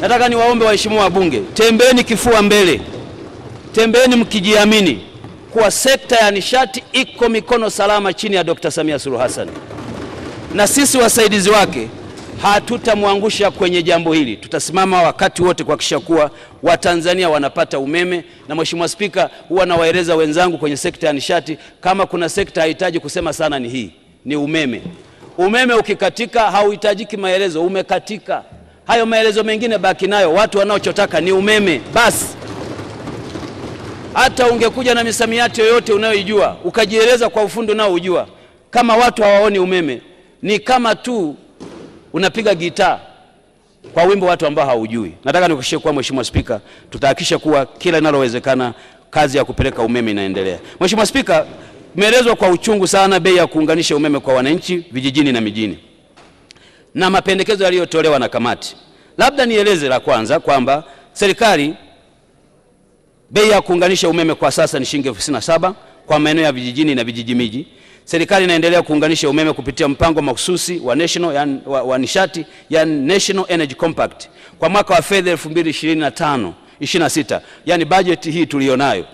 Nataka niwaombe waheshimiwa wabunge, tembeni kifua mbele, tembeni mkijiamini kuwa sekta ya nishati iko mikono salama chini ya Dkt. Samia Suluhu Hassan, na sisi wasaidizi wake hatutamwangusha kwenye jambo hili. Tutasimama wakati wote kuhakikisha kuwa Watanzania wanapata umeme. Na Mheshimiwa Spika, huwa nawaeleza wenzangu kwenye sekta ya nishati, kama kuna sekta hahitaji kusema sana, ni hii, ni umeme. Umeme ukikatika hauhitajiki maelezo, umekatika. Hayo maelezo mengine baki nayo. Watu wanaochotaka ni umeme basi. Hata ungekuja na misamiati yoyote unayoijua ukajieleza kwa ufundi unaoujua, kama watu hawaoni umeme, ni kama tu unapiga gitaa kwa wimbo watu ambao haujui. Nataka nikushie kuwa, Mheshimiwa Spika, tutahakikisha kuwa kila linalowezekana kazi ya kupeleka umeme inaendelea. Mheshimiwa Spika, imeelezwa kwa uchungu sana bei ya kuunganisha umeme kwa wananchi vijijini na mijini na mapendekezo yaliyotolewa na kamati. Labda nieleze la kwanza kwamba serikali, bei ya kuunganisha umeme kwa sasa ni shilingi elfu sitini na saba kwa maeneo ya vijijini na vijiji miji. Serikali inaendelea kuunganisha umeme kupitia mpango mahususi wa national yani, wa, wa nishati yani National Energy Compact kwa mwaka wa fedha 2025 26 yani bajeti hii tuliyonayo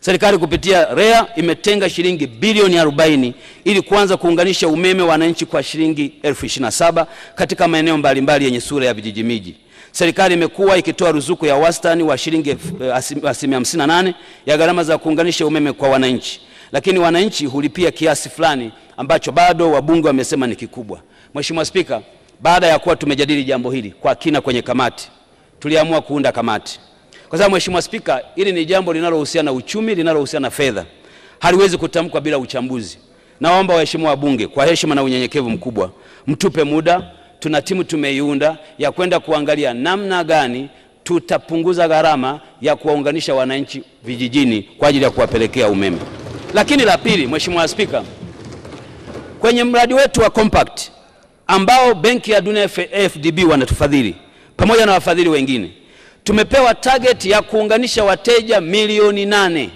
Serikali kupitia REA imetenga shilingi bilioni 40 ili kuanza kuunganisha umeme wa wananchi kwa shilingi elfu saba katika maeneo mbalimbali yenye sura ya vijiji miji. Serikali imekuwa ikitoa ruzuku ya wastani wa shilingi eh, asilimia 58 ya gharama za kuunganisha umeme kwa wananchi, lakini wananchi hulipia kiasi fulani ambacho bado wabunge wamesema ni kikubwa. Mheshimiwa Spika, baada ya kuwa tumejadili jambo hili kwa kina kwenye kamati, tuliamua kuunda kamati kwa sababu Mheshimiwa Spika, hili ni jambo linalohusiana na uchumi, linalohusiana na fedha, haliwezi kutamkwa bila uchambuzi. Naomba waheshimiwa wabunge, kwa heshima na unyenyekevu mkubwa, mtupe muda. Tuna timu tumeiunda ya kwenda kuangalia namna gani tutapunguza gharama ya kuwaunganisha wananchi vijijini kwa ajili ya kuwapelekea umeme. Lakini la pili, Mheshimiwa Spika, kwenye mradi wetu wa compact ambao Benki ya Dunia FDB wanatufadhili pamoja na wafadhili wengine tumepewa target ya kuunganisha wateja milioni nane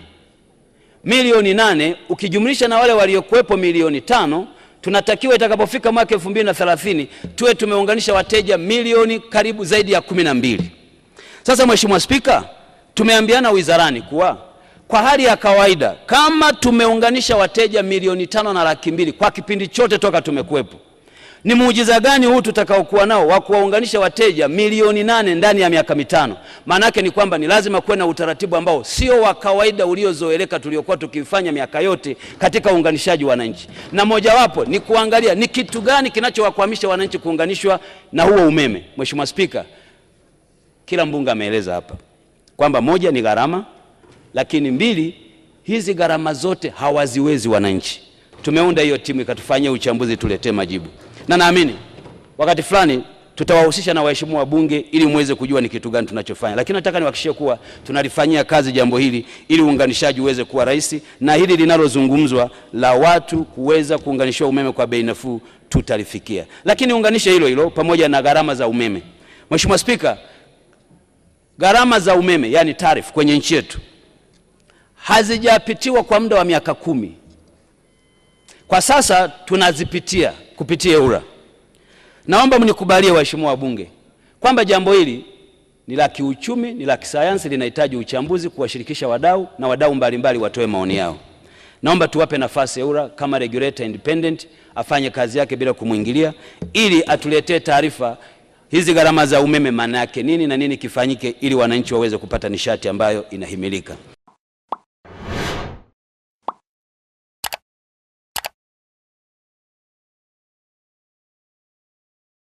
milioni nane ukijumlisha na wale waliokuwepo milioni tano tunatakiwa itakapofika mwaka 2030 tuwe tumeunganisha wateja milioni karibu zaidi ya kumi na mbili. Sasa Mheshimiwa Spika, tumeambiana wizarani kuwa kwa hali ya kawaida kama tumeunganisha wateja milioni tano na laki mbili kwa kipindi chote toka tumekuwepo ni muujiza gani huu tutakaokuwa nao wa kuwaunganisha wateja milioni nane ndani ya miaka mitano? Maana ni kwamba ni lazima kuwe na utaratibu ambao sio wa kawaida uliozoeleka tuliokuwa tukifanya miaka yote katika uunganishaji wa wananchi, na mojawapo ni kuangalia ni kitu gani kinachowakwamisha wananchi kuunganishwa na huo umeme. Mheshimiwa Spika, kila mbunge ameeleza hapa kwamba moja ni gharama, lakini mbili, hizi gharama zote hawaziwezi wananchi. Tumeunda hiyo timu ikatufanyia uchambuzi, tuletee majibu na naamini wakati fulani tutawahusisha na waheshimiwa bunge ili muweze kujua ni kitu gani tunachofanya, lakini nataka niwahakikishie kuwa tunalifanyia kazi jambo hili ili uunganishaji uweze kuwa rahisi, na hili linalozungumzwa la watu kuweza kuunganishiwa umeme kwa bei nafuu tutalifikia. Lakini unganishe hilo hilo pamoja na gharama za umeme. Mheshimiwa Spika, gharama za umeme yani tarif kwenye nchi yetu hazijapitiwa kwa muda wa miaka kumi. Kwa sasa tunazipitia kupitia EWURA. Naomba mnikubalie waheshimiwa wabunge kwamba jambo hili ni la kiuchumi, ni la kisayansi, linahitaji uchambuzi, kuwashirikisha wadau na wadau mbalimbali watoe maoni yao. Naomba tuwape nafasi EWURA kama regulator independent afanye kazi yake bila kumwingilia, ili atuletee taarifa hizi gharama za umeme maana yake nini na nini kifanyike, ili wananchi waweze kupata nishati ambayo inahimilika.